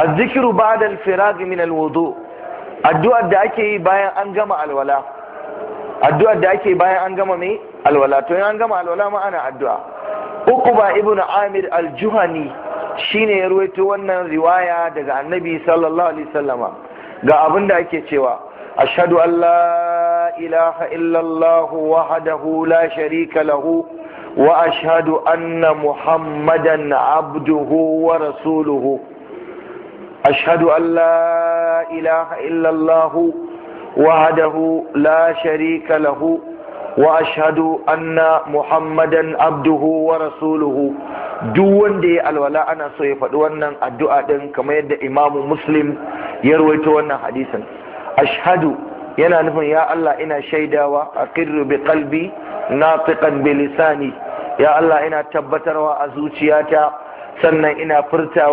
azzikiru ba'da al-firag min al addu'ar da ake yi bayan an gama alwala addu'ar da ake yi bayan an gama mai alwala to an gama alwala ma ana addu'a uqba ibn amir al-juhani shine ya ruwaito wannan riwaya daga annabi sallallahu alaihi wasallama ga abin da ake cewa ashhadu an la ilaha illallah wahdahu la sharika lahu wa ashhadu anna muhammadan abduhu wa rasuluhu أشهد أن لا إله إلا الله وحده لا شريك له وأشهد أن محمدا duk wanda ya alwala ana so ya faɗi wannan addu'a ɗin kamar yadda imamu muslim ya rawaito wannan hadisin ashhadu yana nufin ya Allah ina shaidawa a bi qalbi natiqan bi lisani ya Allah ina tabbatarwa a zuciyata sannan ina furtawa